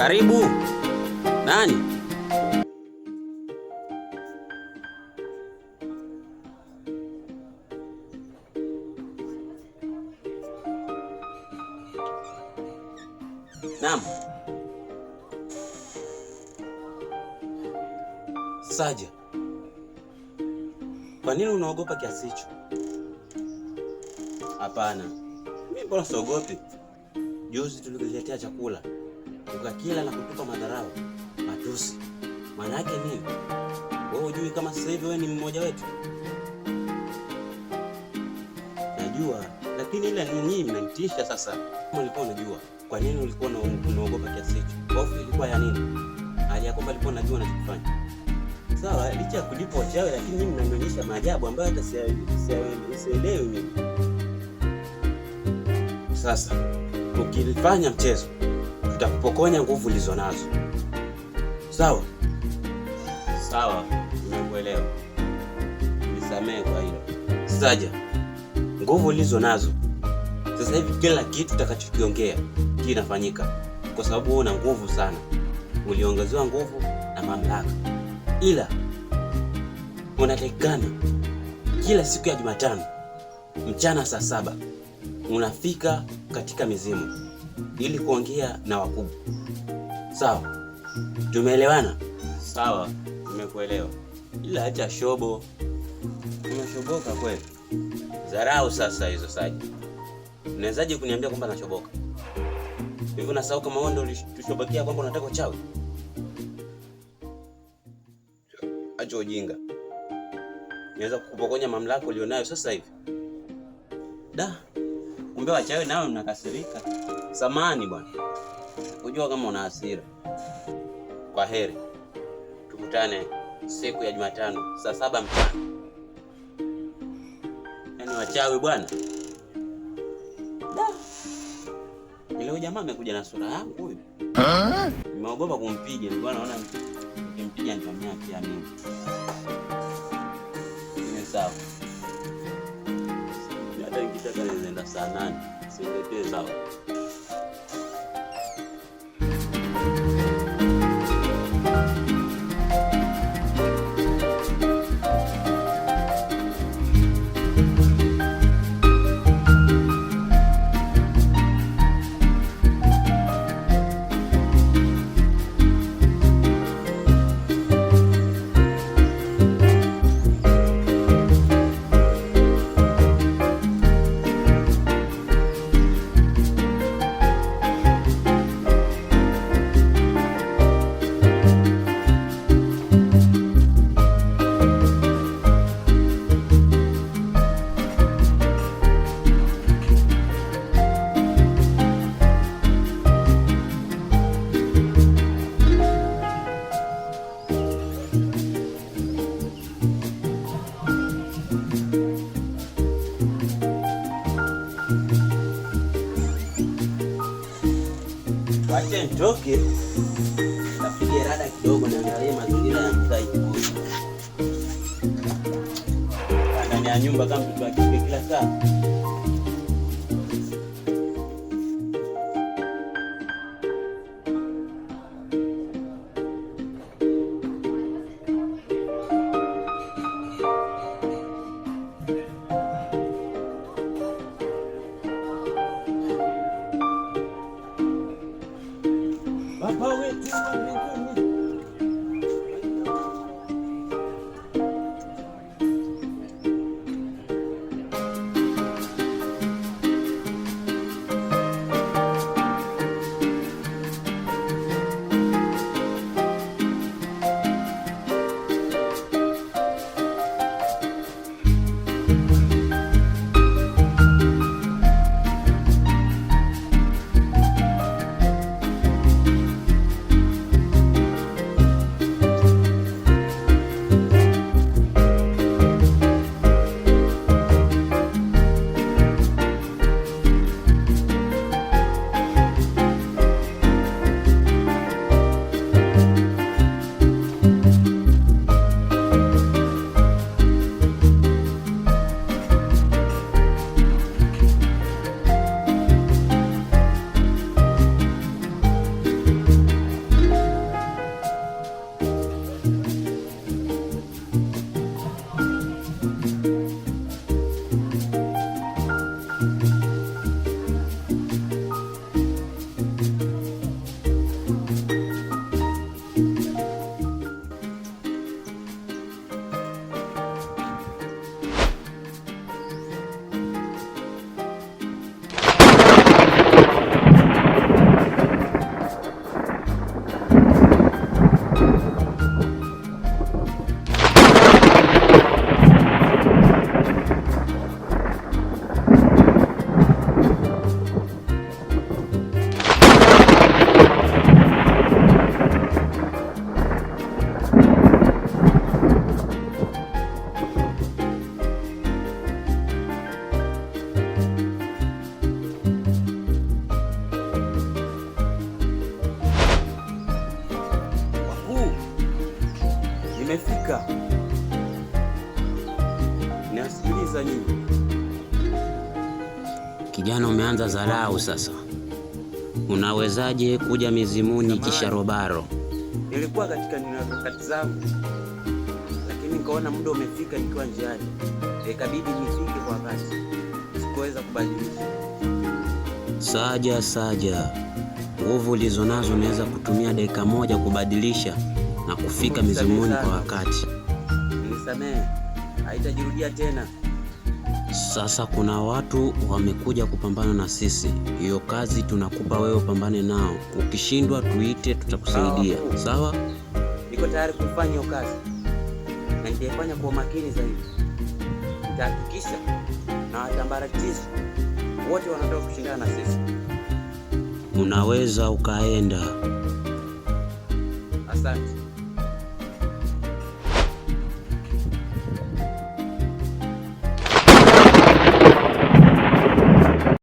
Karibu. Nani? Naam. Saja. Kwa nini unaogopa kiasi hicho? Hapana. Mimi mbona siogopi? Juzi tulikuletea chakula ukakila na kutupa madharau, matusi. Maana yake nini? Wewe hujui kama sasa hivi wewe ni mmoja wetu? Najua, lakini ile nyinyi mnanitisha sasa. Kama ulikuwa unajua, kwa nini ulikuwa na unaogopa kiasi hicho? Hofu ilikuwa ya nini? Hali ya kwamba alikuwa anajua anachofanya. Sawa, licha ya kulipa wachawi, lakini mimi mnanionyesha maajabu ambayo hata sielewi mimi. Sasa ukifanya mchezo Nitakupokonya nguvu ulizo nazo. Sawa sawa, nimekuelewa. Nisamehe kwa hilo. Saja, nguvu ulizo nazo sasa hivi, kila kitu utakachokiongea kinafanyika, kwa sababu una nguvu sana, uliongezewa nguvu na mamlaka, ila unatakikana kila siku ya Jumatano mchana saa saba unafika katika mizimu ili kuongea na wakubwa. Sawa, tumeelewana? Sawa, tumekuelewa, ila acha shobo, umeshoboka kweli. Zarau sasa hizo Saji, unawezaje kuniambia kwamba nashoboka? Hivi unasahau kama wewe ndio ulitushobokia kwamba unataka uchawi? Acha ujinga, niweza kukupokonya mamlaka ulionayo sasa hivi. Da, kumbe wachawi nao mnakasirika. Samani bwana, kujua kama una hasira. Kwa heri, tukutane siku ya Jumatano saa saba mchana. Yaani wachawi bwana, ile jamaa amekuja na sura yangu huyu, nimeogopa kumpiga bwana. Naona nikimpiga nitamia pia mimi. Ni sawa hata nikitaka nienda saa nane, siletee sawa nitoke nitapige rada kidogo, niangalie mazingira ya mtaa ndani ya nyumba, kama mtoto akipekila saa Afrika. nasikiliza nyinyi. Kijana, umeanza dharau sasa. Unawezaje kuja mizimuni kisha robaro? Nilikuwa katika harakati zangu, lakini nikaona muda umefika, nikiwa njiani ikabidi nifike kwa wakati, sikuweza kubadilisha. Saja, Saja, nguvu ulizo nazo unaweza kutumia dakika moja kubadilisha na kufika mizimuni kwa wakati. Nisamehe, haitajirudia tena. Sasa kuna watu wamekuja kupambana na sisi, hiyo kazi tunakupa wewe, pambane nao. Ukishindwa tuite, tutakusaidia. Sawa? Niko tayari kufanya hiyo kazi na nitaifanya kwa makini zaidi. Nitahakikisha na watambaratisha wote wanataka kushindana na sisi. Unaweza ukaenda. Asante.